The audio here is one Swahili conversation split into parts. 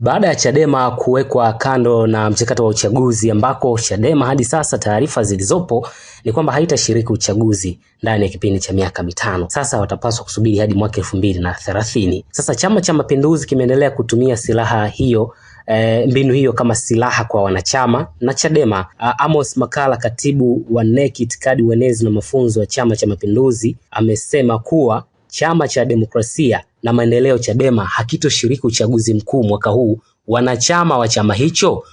Baada ya Chadema kuwekwa kando na mchakato wa uchaguzi ambako Chadema hadi sasa taarifa zilizopo ni kwamba haitashiriki uchaguzi ndani ya kipindi cha miaka mitano. Sasa watapaswa kusubiri hadi mwaka elfu mbili na thelathini. Sasa Chama cha Mapinduzi kimeendelea kutumia silaha hiyo E, mbinu hiyo kama silaha kwa wanachama na Chadema. A, Amos Makala, katibu wa NEC itikadi, uenezi na mafunzo ya Chama cha Mapinduzi, amesema kuwa chama cha demokrasia na Maendeleo Chadema hakitoshiriki uchaguzi mkuu mwaka huu, wanachama wa chama hicho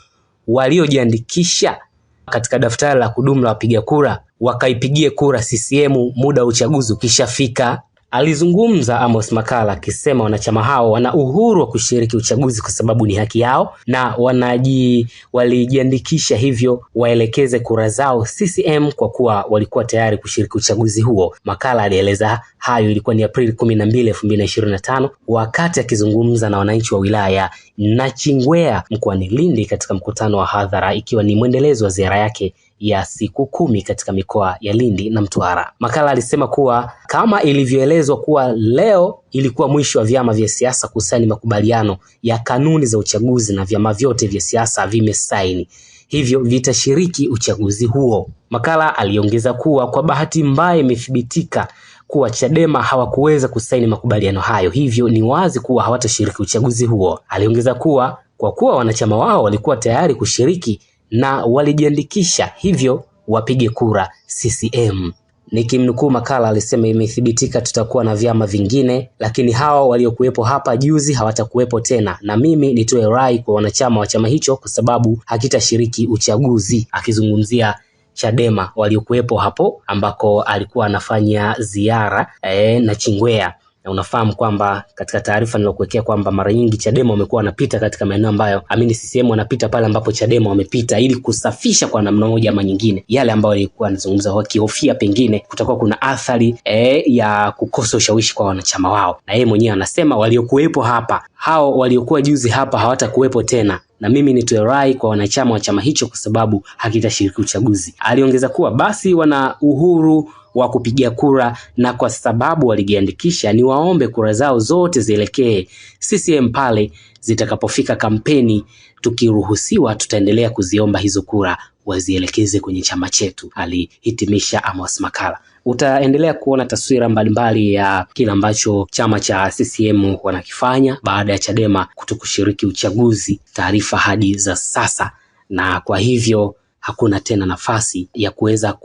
waliojiandikisha katika daftari la kudumu la wapiga kura wakaipigie kura CCM muda wa uchaguzi ukishafika. Alizungumza Amos makala akisema wanachama hao wana uhuru wa kushiriki uchaguzi kwa sababu ni haki yao na wanaji walijiandikisha, hivyo waelekeze kura zao CCM kwa kuwa walikuwa tayari kushiriki uchaguzi huo. makala alieleza hayo ilikuwa ni Aprili 12, 2025 wakati akizungumza na wananchi wa wilaya Nachingwea mkoani Lindi katika mkutano wa hadhara ikiwa ni mwendelezo wa ziara yake ya siku kumi katika mikoa ya Lindi na Mtwara. Makala alisema kuwa kama ilivyoelezwa kuwa leo ilikuwa mwisho wa vyama vya siasa kusaini makubaliano ya kanuni za uchaguzi na vyama vyote vya siasa vimesaini, hivyo vitashiriki uchaguzi huo. Makala aliongeza kuwa kwa bahati mbaya imethibitika kuwa Chadema hawakuweza kusaini makubaliano hayo, hivyo ni wazi kuwa hawatashiriki uchaguzi huo. Aliongeza kuwa kwa kuwa wanachama wao walikuwa tayari kushiriki na walijiandikisha hivyo wapige kura CCM. Nikimnukuu makala alisema, imethibitika tutakuwa na vyama vingine, lakini hawa waliokuwepo hapa juzi hawatakuwepo tena, na mimi nitoe rai kwa wanachama wa chama hicho kwa sababu hakitashiriki uchaguzi, akizungumzia Chadema waliokuwepo hapo ambako alikuwa anafanya ziara e, na Chingwea na unafahamu kwamba katika taarifa nilokuwekea kwamba mara nyingi Chadema wamekuwa wanapita katika maeneo ambayo amini CCM wanapita pale ambapo Chadema wamepita, ili kusafisha kwa namna moja ama nyingine yale ambayo walikuwa wanazungumza, wakihofia pengine kutakuwa kuna athari e, ya kukosa ushawishi kwa wanachama wao. Na yeye mwenyewe anasema waliokuwepo hapa, hao waliokuwa juzi hapa hawatakuwepo tena na mimi nitoe rai kwa wanachama wa chama hicho kwa sababu hakitashiriki uchaguzi. Aliongeza kuwa basi wana uhuru wa kupigia kura, na kwa sababu walijiandikisha, ni waombe kura zao zote zielekee CCM pale zitakapofika kampeni. Tukiruhusiwa, tutaendelea kuziomba hizo kura wazielekeze kwenye chama chetu, alihitimisha Amos Makala. Utaendelea kuona taswira mbalimbali mbali ya kile ambacho chama cha CCM wanakifanya baada ya Chadema kutokushiriki uchaguzi, taarifa hadi za sasa, na kwa hivyo hakuna tena nafasi ya kuweza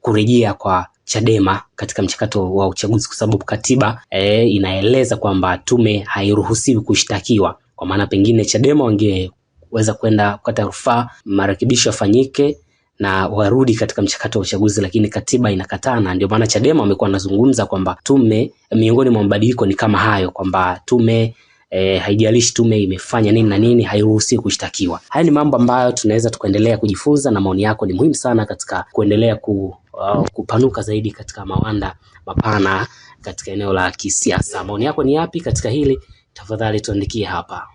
kurejea kwa Chadema katika mchakato wa uchaguzi kwa sababu katiba e, inaeleza kwamba tume hairuhusiwi kushtakiwa. Kwa maana pengine Chadema wangeweza kwenda kukata rufaa, marekebisho yafanyike na warudi katika mchakato wa uchaguzi, lakini katiba inakataa, na ndio maana Chadema wamekuwa wanazungumza kwamba tume, miongoni mwa mabadiliko ni kama hayo kwamba tume E, haijalishi tume imefanya nini na nini, hairuhusiwi kushtakiwa. Haya ni mambo ambayo tunaweza tukaendelea kujifunza, na maoni yako ni muhimu sana katika kuendelea ku Uh, kupanuka zaidi katika mawanda mapana katika eneo la kisiasa. Maoni yako ni yapi katika hili? Tafadhali tuandikie hapa.